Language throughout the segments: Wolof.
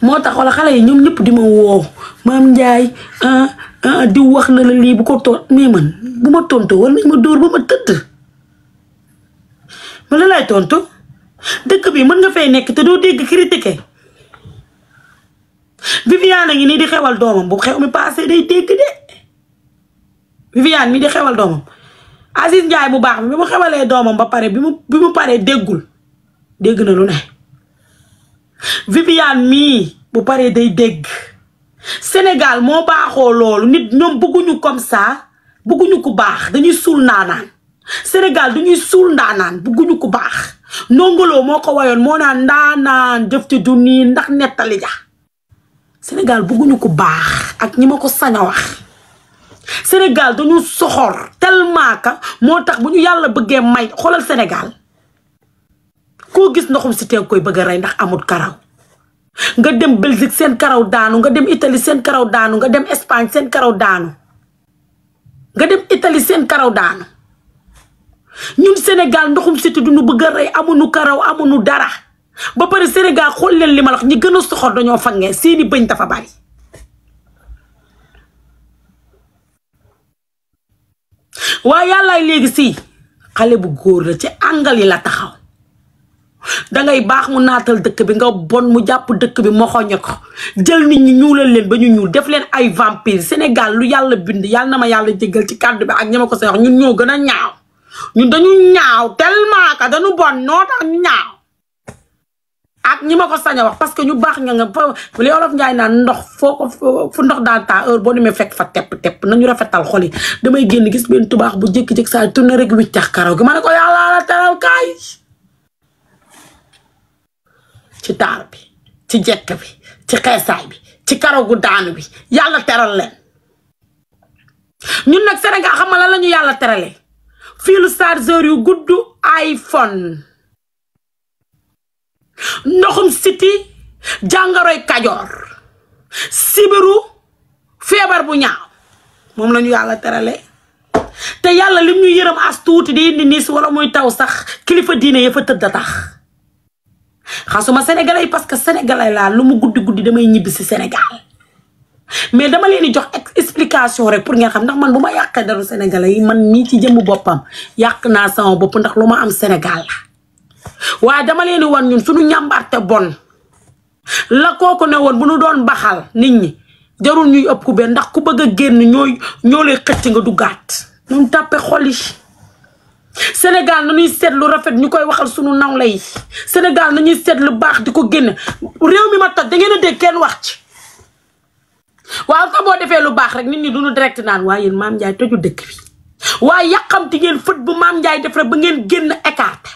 moo tax wala xale yi ñoom ñëpp di ma woow maam Ndiaye ah, ah, diw wax na la lii bu ko toon mais man bu ma tontu wala nañ ma dóor ba ma tëdd ma la tontu dëkk bi mën nga fay nekk te doo dégg critiquer Viviane ngi nii di xewal doomam bu xew mi passé day dégg de di xewal doomam Aziz Ndiaye bu baax bi bi mu xewalee doomam ba pare bi mu pare mu paree déggul dégg na lu ne Viviane mii bu paree day dégg Sénégal moo baaxoo loolu nit ñoom bëgguñu comme ça bëgguñu ku baax dañuy suur ndaanaan Sénégal dañuy suul ndaanaan bëgguñu ku baax ndongoloo moo ko wayoon moo naan ndaanaan jëf ci du nii ndax nettali ja Sénégal bëgguñu ku baax ak ñi ma ko sañ a Sénégal dañu soxor tellement que moo tax bu ñu yàlla bëggee may xoolal Sénégal koo gis ndoxum si teg koy bëgg rey ndax amul karaw nga dem Belgique seen karaw daanu nga dem itali seen karaw daanu nga dem Espagne seen karaw daanu nga dem Italie seen karaw daanu ñun senegal ndoxum siti du ñu bëgg a rey nu karaw amuñu dara ba pare Sénégal xool leen li ma ñi gën a soxor dañoo fangee seeni bëñ dafa bari waaye yàllaay léegi si xale bu góor la ci àngal la taxaw dangay baax mu naatal dëkk bi nga bon mu jàpp dëkk bi moxoñe ko jël nit ñi ñuulal leen ba ñu ñuul def leen ay vampire Sénégal lu yàlla bind yàlla na ma yàlla jéggal ci kàddu bi ak ñama ko sa wax ñun ñoo gën a ñaaw ñun dañu ñaaw tellement que dañu bon noo tax ñu ñaaw ak ñi ma ko sañ wax parce que ñu baax nga nga li olof Njaay naan ndox foo ko fu ndox daan taa heure boo demee fekk fa tepp tepp nañu rafetal xol yi damay génn gis benn tubaax bu jékki-jékki saa tourné rek wiccax karaw gi ma ne ko yàlla la teral ci taar bi ci jekk bi ci xeesaay bi ci gu daanu bi yàlla teral ñun nag Sénégal xam nga lan la ñu yàlla terale fiilu chargeur yu gudd iPhone ndoxum siti jàngoroy kajoor sibiru feebar bu ñaaw moom la yàlla terale te yàlla lim ñu yërëm as tuuti di indi niis wala muy taw sax kilifa diine ya tëdd a tax xasuma sénégalais yi parce que sénégalais laa lu mu guddi guddi damay ñibbi si Sénégal mais dama leen di jox explication rek pour ngeen xam ndax man bu ma yàqee daru sénégalais yi man mii ci jëmmu boppam yàq naa sama bopp ndax lu ma am Sénégal la waaye dama leen di wan ñun suñu ñàmbaarte bon la kooku ne woon bu nu doon baxal nit ñi jarul ñuy ëpp ku benn ndax ku bëgg a génn ñooy ñoo lay xëcc nga du ñun tàppe xol yi Sénégal na nuy seet lu rafet ñu koy waxal sunu nawle yi Sénégal na ñuy seet lu baax di ko génn réew mi ma toj da ngeen a dégg kenn wax ci waaw sax boo defee lu baax rek nit ñi duñu direct naan waaye yéen maam Ndiaye toju dëkk bi waaye yàqamti ngeen fët bu maam Ndiaye def rek ba ngeen génn écarté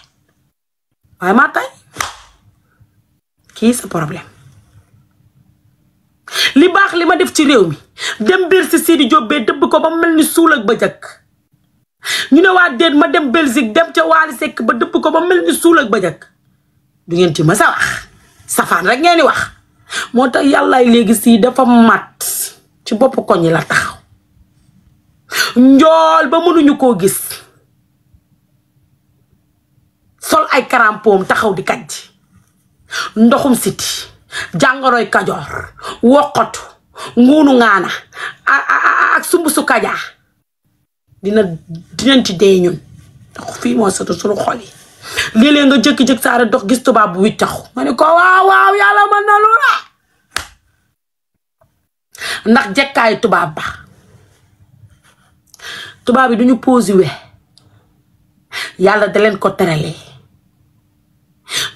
waaye maa tay kii sa problème li baax li ma def ci réew mi dem biir si Sidi Diop dëbb ko ba mel ni suul ak ba jëkk ñu ne waa déet ma dem Belgique dem ca Waali Seck ba dëpp ko ba mel ni suul ak bëjëk du ngeen ci mës a wax safaan rek ngeen wax moo tax yàllaay léegi sii dafa mat ci boppu koñ yi la taxaw njool ba mënuñu koo gis sol ay karampoom taxaw di kajj ndoxum siti jàngoroy kajoor woqatu nguunu ngaana ak sumbusu kajaa dina dinañ ci dee ñun fii moo soto su xol yi léeg-léeg nga jëkki-jëkk saara dox gis tubaab bu wiccaxu ma ne ko waaw waaw yàlla mën na lu ndax jekkaayu tubaab ba tubaab yi duñu posiwe yàlla da leen ko teralee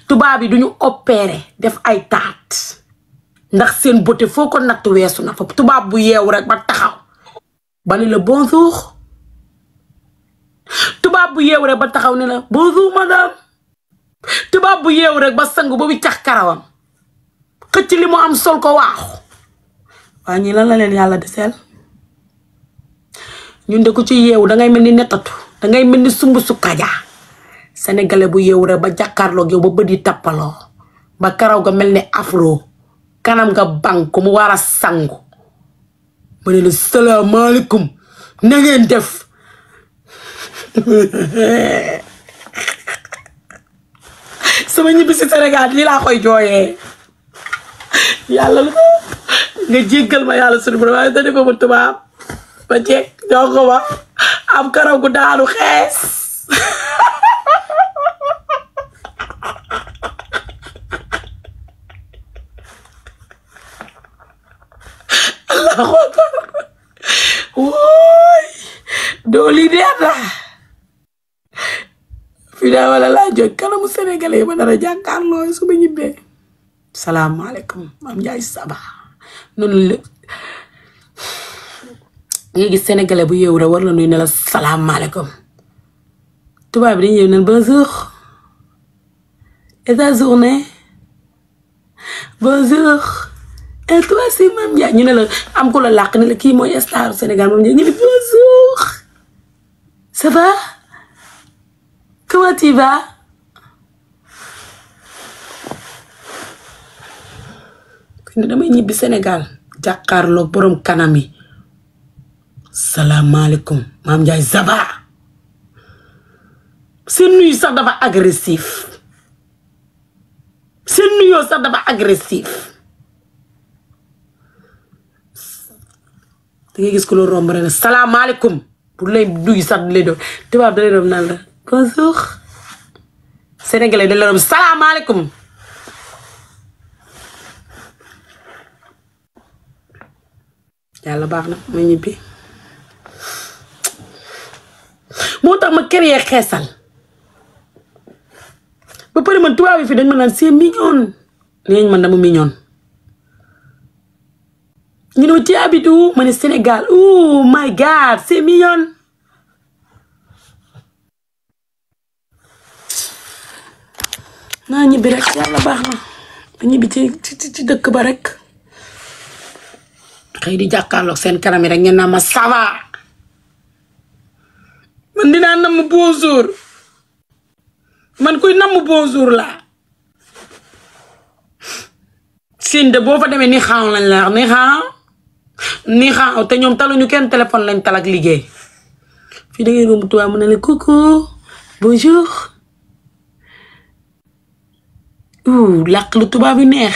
tubaab yi duñu opéré def ay taat ndax seen beauté foo ko natt weesu na fa tubaab bu yeewu rek ba taxaw bali la bonjour tubaab bu yeew rek ba taxaw ne la bonjour madame tubaab bu yeew rek ba sangu ba bi cax karawam xëcc li mu am sol ko waaxu waa ñii la la leen yàlla deseel ñun de ko ci yeewu dangay mel ni nettatu dangay mel ni sumb su kajaa senegale bu yeewu rek ba jàkkaarloog yow ba bët tappaloo ba karaw ga mel ni afro kanam nga bànk mu war a sangu mu ne la salaamaaleykum na ngeen sama ñibbi si Sénégal lii laa koy jooyee yàlla lu nga jéggal ma yàlla sunu borom ba jeeg jox ma am karaw gu daanu xees allah xool woy doo lii dee vidéo la laa jóg kanamu sénégalais ba dara jàkkaarloo su ma ñibbee salaamaaleykum Mame Ndiaye Saba noonu la nga gis sénégalais bu yeewu rek war la nuyu ne la salaamaaleykum bi dañu yeewu ne bonjour et si Mame Ndiaye ñu ne la am ku la làq ne la kii mooy star Sénégal moom ñu ne bonjour toi, tu vas kon damay ñibbi Sénégal jàkkaarloo borom kanam yi salaamaaleykum maam Ndiaye Zaba seen nuyu sax dafa agressif seen nuyoo sax dafa agressif da ngay gis ko loolu romb rek ne salaamaaleykum bu lay duy sax du lay doon tubaab da lay doon naan la bonjour sénégalais dañ la doon salaamaaleykum yàlla baax na ma ñibbi moo tax ma créé xeesal ba pare man tubaab yi fi dañ ma naan c'est mignon nee nañ man dama mignon ñu ne ma ci habitu ma ne Sénégal oh my God c'est mignon naa ñibbi rek yàlla baax na ñibbi ci ci ci dëkk ba rek xëy di jàkkaarloog seen kanam yi rek ngeen naa ma ça va man dinaa namm bonjour man kuy namm bonjour laa siin de boo fa demee ni xaaw lañ la ni xaaw ni xaaw te ñoom taluñu kenn téléphone lañ tal ak liggéey fii da ngay romb tubaab mu ne la coucou bonjour ouh làq lu tubaab yu neex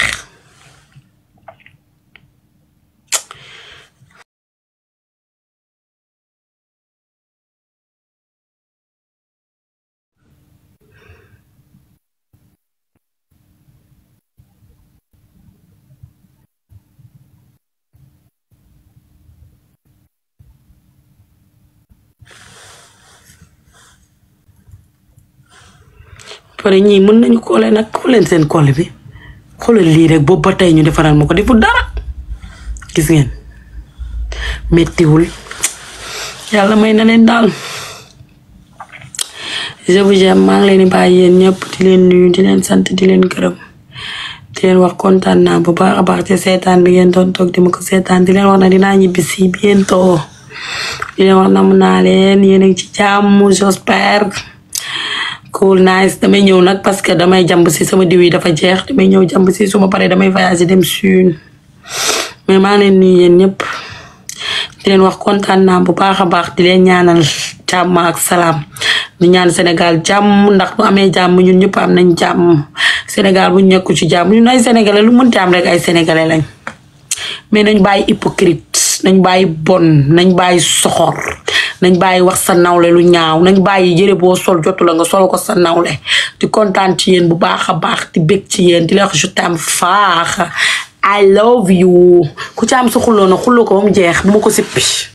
pare ñii mën nañu koole nag xooleen seen kole bi xoolal lii rek boobu ba tey ñu defaral ma ko defu dara gis ngeen mettiwul yàlla may na leen daal je vous aime maa ngi leen di bàyyi yéen ñëpp di leen nuyu di leen sant di leen gërëm di leen wax kontaan naa bu baax a baax ci seetaan bi ngeen doon toog di ma ko seetaan di leen wax na dinaa ñibbi si bientôt di leen wax na mu naa leen yéen ci jàmm j'espère cool nice damay ñëw nag parce que damay jàmb si sama diw yi dafa jeex damay ñëw jàmb si su ma damay voyager dem suun mais maa leen yéen ñëpp wax kontaan bu baax a baax di leen ñaanal jàmm ak salaam di ñaan Sénégal jàmm ndax bu amee jàmm ñun ñëpp am nañ jàmm Sénégal bu ñu ci jàmm ñun ay sénégalais lu mënti am rek ay sénégalais lañ mais nañ bàyyi hypocrite nañ bàyyi bon nañ bàyyi soxor nañ bàyyi wax sa nawle lu ñaaw nañ bàyyi yëre boo sol jotula nga sol ko sa nawle di kontaan ci yéen bu baax a baax ti bég ci yéen di la wax je t'aime faax I love you ku ci am sa xulloo na xulloo ko ba mu jeex bu ma ko sippi